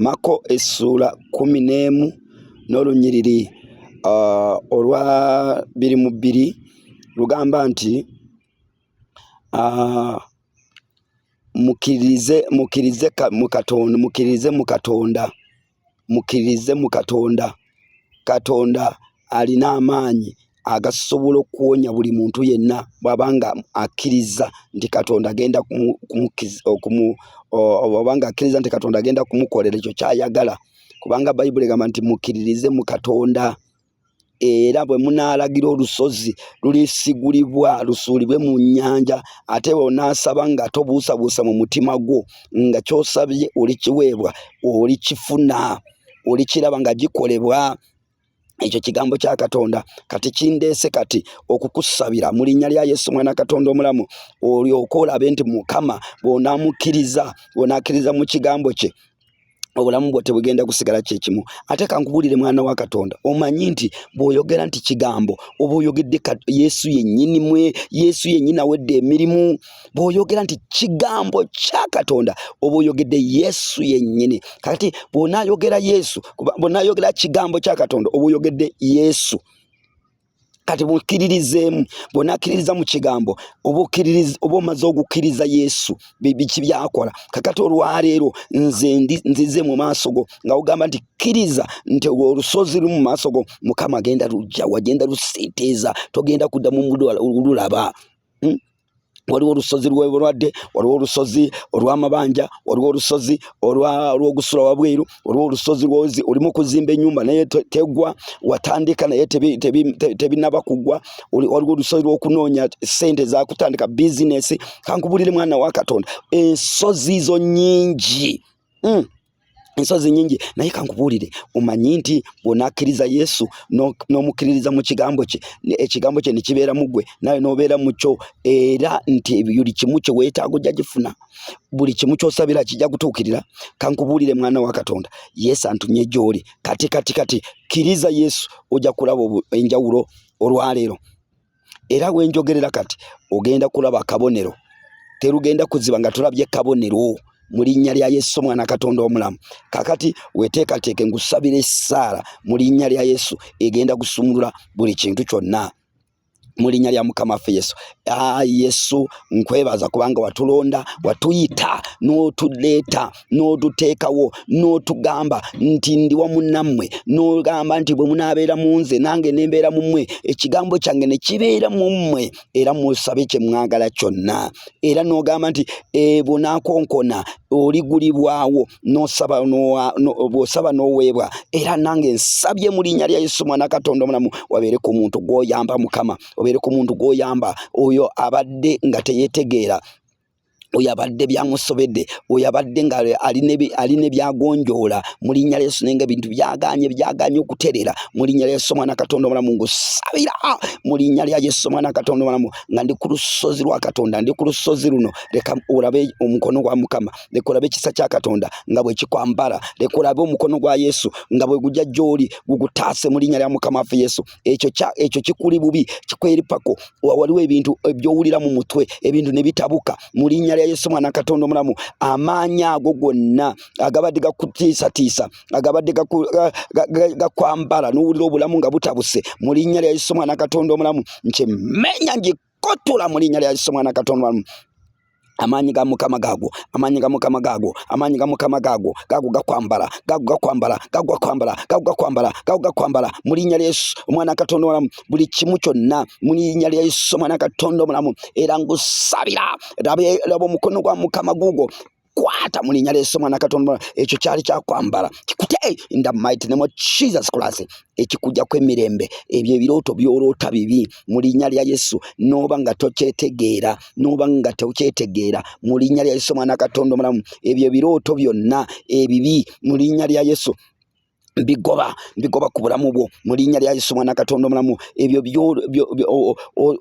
mako esula kumi n'emu n'olunyiriri uh, olwa biri mu biri lugamba nti mukkiririze uh, mukkiririze mukirize Katonda mukkiririze mu Katonda mukkiririze mu Katonda Katonda alina amaanyi. agasobola okuwonya buli muntu yenna bwabanga akkiriza nti katonda agenda oh, oh, bwabanga akkiriza nti katonda agenda kumukolera ekyo kyayagala kubanga bayibuli egamba nti mukkiririze mu katonda era bwe munaalagira olusozi lulisigulibwa lusuulibwe mu nnyanja ate bwonaasaba nga tobuusabuusa mu mutima gwo nga kyosabye olikiweebwa olikifuna olikiraba nga gikolebwa ekyo kigambo kya katonda kati kindeese kati okukusabira mu linnya lya yesu mwana katonda omulamu olyoka olabe nti mukama bwonaamukkiriza bwonaakkiriza mu kigambo kye obulamu bwo tebugenda kusigala kyekimu ate kankubuulire mwana wa katonda omanyi nti bw'oyogera nti kigambo oba oyogedde yesu yennyini mwe yesu yennyini awedde emirimu bw'oyogera nti kigambo kya katonda oba oyogedde yesu yennyini kakati bw'onaayogera yesu bw'onaayogera kigambo kya katonda oba oyogedde yesu kati bukkiririzeemu bona kiririza mu kigambo oba oba omaze gukiriza yesu byakora kakato kakati olwaleero nze nzize mu maaso go nga ugamba nti kkiriza nti olusozi rusozi mu maaso go mukama agenda lujjawa wagenda luseeteeza togenda kuddamu lulaba hmm? waliwo olusozi lwebulwadde waliwo olusozi olwamabanja waliwo olusozi olwogusula wabweru waliwo olusozi olimu okuzimba enyumba naye tegwa watandika naye tebinaba kugwa waliwo olusozi lwokunoonya sente zakutandika bizinesi kankubulire mwana wa katonda ensozi zo nyingi mm. ensozi nyingi naye kankubuulire omanyi nti bwonakkiriza yesu nomukkiririza no mu kigambo kye ekigambo kye nekibeera mu gwe naawe nobeera mukyo era nti buli kimu kyeweetaaga ojja gifuna buli kimu kyosabira kijja kutuukirira kankubuulire mwana wa katonda yesu antumye gyoli kati kati kati kkiriza yesu ojja kulaba enjawulo olwaleero era wenjogerera kati ogenda kulaba kabonero terugenda kuziba nga tulabye kabonero mu lya yesu mwana katonda omulamu kakati weteekateeke ngusabire essaala mu linnya lya yesu egenda kusumulula buli kintu kyonna mulinya lya mukama waffe yesu aa ah, yesu nkwebaza kubanga watulonda watuyita n'otuleeta n'otuteekawo n'otugamba nti ndi wamu nammwe n'ogamba nti bwe munaabeera mu nze nange nembeera mummwe ekigambo kyange ne kibeera mu mmwe era musabe kye mwagala kyonna era n'ogamba nti bwonaakonkona oligulibwawo bwosaba n'oweebwa era nange nsabye mu linnya lya yesu mwana katonda omulamu wabeere ku muntu gw'oyamba mukama obe kumubeere ku muntu gw'oyamba oyo abadde nga teyeetegeera oyabadde byamusobedde oyabadde nga alina ebyagonjoola mu linnya lyesu naye nga ebintu byaganye byaganye okuterera mu linnya yesu mwana katonda omulamu ngusabira mu linnya lya yesu mwana katonda omulamu nga ndi ku lusozi lwa katonda ndi ku lusozi luno leka olabe omukono gwa mukama leka olabe ekisa kya katonda nga bwe kikwambala leka olabe omukono gwa yesu nga bwe gujja gy'oli gugutaase mu linnya lya mukama waffe yesu ekyo kikuli bubi kikweripako waliwo ebintu ebyowulira mu mutwe ebintu ne bitabuka mu linnya ya yesu mwana katonda omulamu amaanyi ago gonna agabadde gakutiisatiisa agabadde gakwambala n'owulira obulamu nga butabuse mu linnya lya yesu omwana katonda omulamu nkimenya ngikotula mu linnya lya yesu omwana katonda omulamu amanyi ga mukama gago amanyi ga mukama gago amanyi ga mukama gago gago gakwambara gago gakwambara gago gakwambara gago gakwambara gago gakwambara muri nyali yesu umwana katonda omulamu buli kimu kyonna muri nyali yesu umwana katonda mulamu era ngusabira laba omukono gwa mukama gugo kwata mulinnya lyeso mwana katonda ekyo kyali kwambala kikute in the mighty name of jesus christ kwe emirembe ebyo ebirooto byoroota bibi muli nyale lya yesu n'oba nga tokyetegeera n'oba nga tokyetegeera mu lya yesu mwana katonda omulamu ebyo ebirooto byonna ebibi muli nyale lya yesu mbigoba mbigoba ku bulamu bwo mu linnya lya yesu mwana katonda omulamu ebyo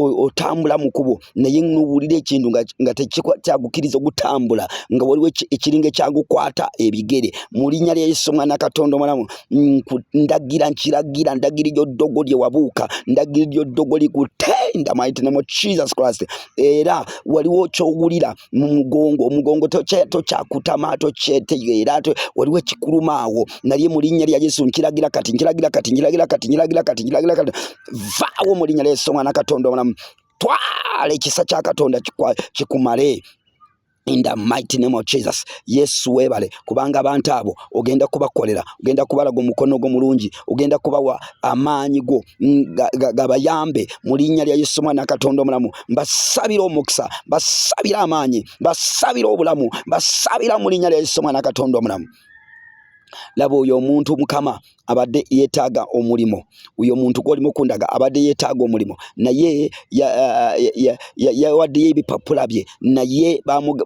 otambula mu kubo naye nubuulira ekintu nga tekyagukkiriza ogutambula nga waliwo ekiringa ekyagukwata ebigere mu linnya lya yesu mwana katonda omulamu ndagira nkiragira ndagira eryo ddogo lye wabuuka ndagira eryo ddogo likutenda mighty name jesus christ era waliwo kyowulira mu mugongo omugongo tokyakutama tokyetegeera waliwo ekikulumaawo nalye mu lya ya yesu nkiragira kati nkiragira kati nkiragira kati nkiragira kati nkiragira kati vaawo mu linnya lyesu omwana katonda omulamu twala ekisa kya katonda kikumale in the mighty name of Jesus yesu webale kubanga abantu abo ogenda kubakolera ogenda kubalaga omukono gwo mulungi ogenda kubawa amaanyi go gabayambe mu linnya lya yesu mwana katonda omulamu mbasabira omukisa mbasabira amaanyi mbasabira obulamu mbasabira mu linnya lya yesu mwana katonda omulamu laba oyo omuntu mukama abadde yeetaaga omulimu oyo omuntu gwolimu kundaga abadde yetaaga omulimo naye yawaddeyo ebipapula bye naye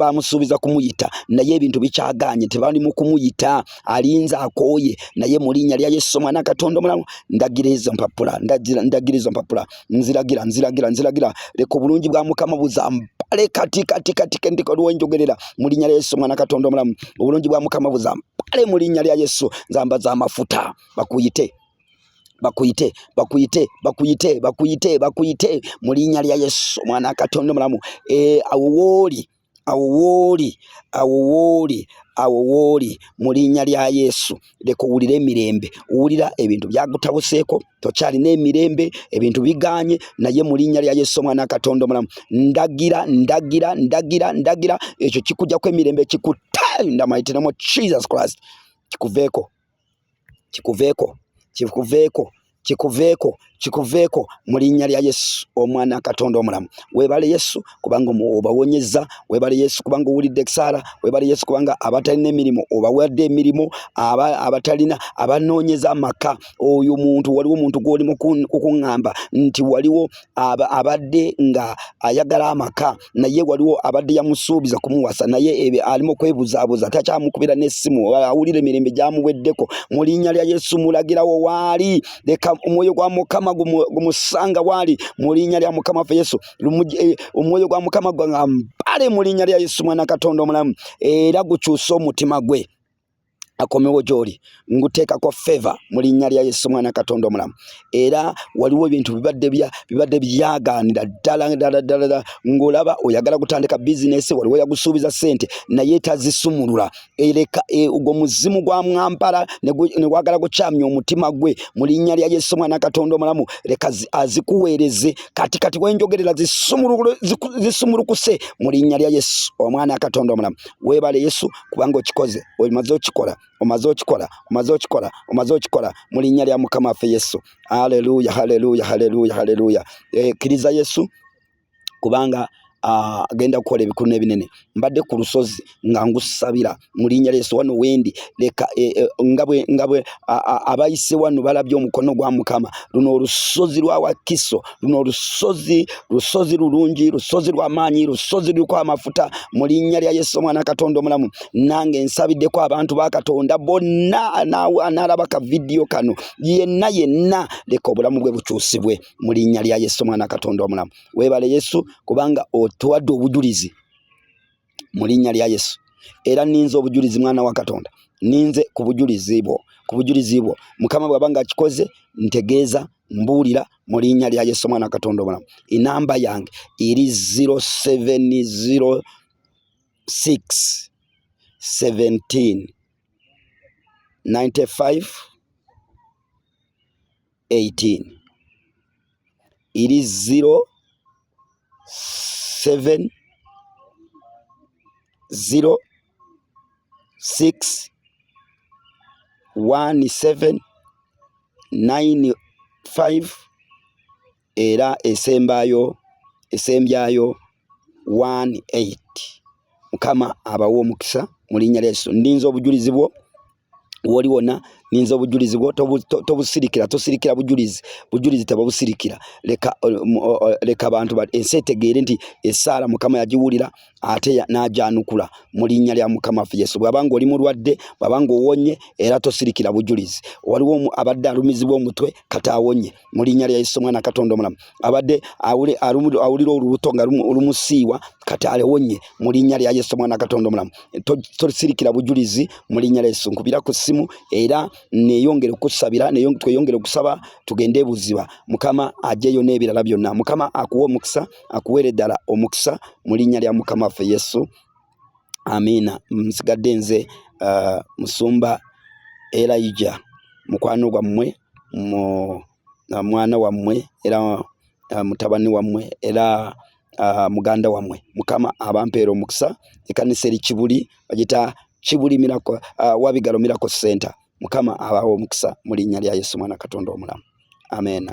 bamusuubiza kumuyita naye ebintu bikyagaanye tebalimu kumuyita alinza akooye naye mulinya linnya lya yesu mwana katonda omulamu ndagira ezo mpapula ndagira ezo mpapula nziragira nziragira nziragira leka obulungi bwa mukama buzamba pale katikati katindiko lwonjogerera mu muli lya yesu mwana katonda omulamu obulungi bwa mukama buza pale muli nyale lya yesu nzamba mafuta bakuyite bakuyite bakuyite bakuyite bakuyite bakuyite muli nyale lya yesu mwana katonda omulamu e, awo wooli awo awo woli muri nya lya yesu leka owulire emirembe wulira ebintu byagutabuseeko tokyalina nemirembe ebintu biganye naye muri nya lya yesu omwana katonda omulamu ndagira ndagira ndagira ndagira ekyo kikugjako emirembe kikutta ndamaitiremu jesus christ kikuveeko kikuveeko kikuveeko kikuveeko kikuveeko mu linnya lya yesu omwana katonda omulamu webale yesu kubanga obawonyeza webale yesu kubanga owulidde ekisaala webale yesu kubanga abatalina emirimu obawadde emirimu abatalina abanoonyeza amaka oyo muntu waliwo omuntu gwoli mukuŋŋamba nti waliwo abadde nga ayagala amaka naye waliwo abadde yamusuubiza kumuwasa naye ebyo alimu okwebuzaabuza takyamukubira n'essimu awulira emirembe gyamuweddeko mu linnya lya yesu mulagirawo waali leka omwoyo gwa mukama mukama gumusanga wali mulinya lya mukama fe yesu eh, omwoyo gwa mukama gwangambale mu linnya lya yesu mwana katonda omulamu era gukyuse omutima gwe akomewo gy'oli nguteekako feva mu linnya lya yesu mwana katonda omulamu era waliwo ebintu bibadde bibadde byagaanira ddala ddala ddala ng'olaba oyagala kutandika bizinesi waliwo yagusuubiza ssente naye tazisumulula ereka ugo e, muzimu gwa mwampala ne gwagala gukyamya omutima gwe mu linnya lya yesu mwana katonda omulamu leka azikuweereze kati kati wenjogerera zisumulukuse mu linnya lya yesu omwana katonda omulamu webale yesu kubanga okikoze omaze okikola omaze okikola omaze okikola omaze okikola mu linnya lya mukama waffe yesu haleluya haleluya haleluya haleluya ekkiriza eh, yesu kubanga Ah, agenda kukola ebikulu n'ebinene mbadde ku lusozi nga ngusabira mu linnya lyesu wano wendi leka e, e, ngabwe ngabwe abayise wano balabye omukono gwa mukama luno olusozi lwa wakiso luno olusozi lusozi lulungi lusozi lw'amaanyi lusozi luliko amafuta mu linnya lya yesu omwana katonda omulamu nange nsabiddeko abantu ba katonda bonna anaalaba ka vidiyo kano yenna yenna leka obulamu bwe bukyusibwe mu linnya lya yesu omwana katonda omulamu weebale yesu kubanga tuwadde obujulizi mu linnya lya yesu era ninze obujulizi mwana wa katonda ninze ku bujulizi bwo mukama bw'aba ng'akikoze ntegeeza mbuulira mu linnya lya yesu mwana wa katonda obulamu enamba yange eri 0706 17 95 18 iri 0 seven zero six one seven nine five era esembayo esembyayo one eight mukama abawa omukisa mu linnya lya yesu ndinza obujulizi bwo woli wona ninza obujulizi tobusirikira tosirikira bujulizi bujulizi tebabusirikira leka, uh, uh, uh, leka bantu ensi etegeere nti esaala mukama yagiwulira ate najanukula mulinnya lya mukama waffe yesu bwabanga oli mulwadde bwabanga owonye era tosirikira bujulizi waliwo abadde alumizibwa omutwe kata awonye mulinnya lya yesu mwana katonda omulamu abadde awulira olubuto nga lumusiiwa kata alewonye mulinnya lya yesu mwana katonda omulamu tosirikira bujulizi mulinnya lya yesu nkubira ku ssimu era neyongere okusabira tweyongere okusaba tugende buziba mukama ajeyo n'ebirala byonna mukama akuwa omukisa akuwere ddala omukisa mu linnya lya mukama waffe yesu amiina nsigadde nze uh, musumba elijah mukwano gwammwe mu uh, mwana wammwe era uh, mutabani wammwe era uh, muganda wammwe mukama abampeera omukisa ekanisa eri kibuli bagita kibulimirako uh, wabigalo miraco center mukama abawo omukisa mu linnya lya yesu mwana katonda omulamu amena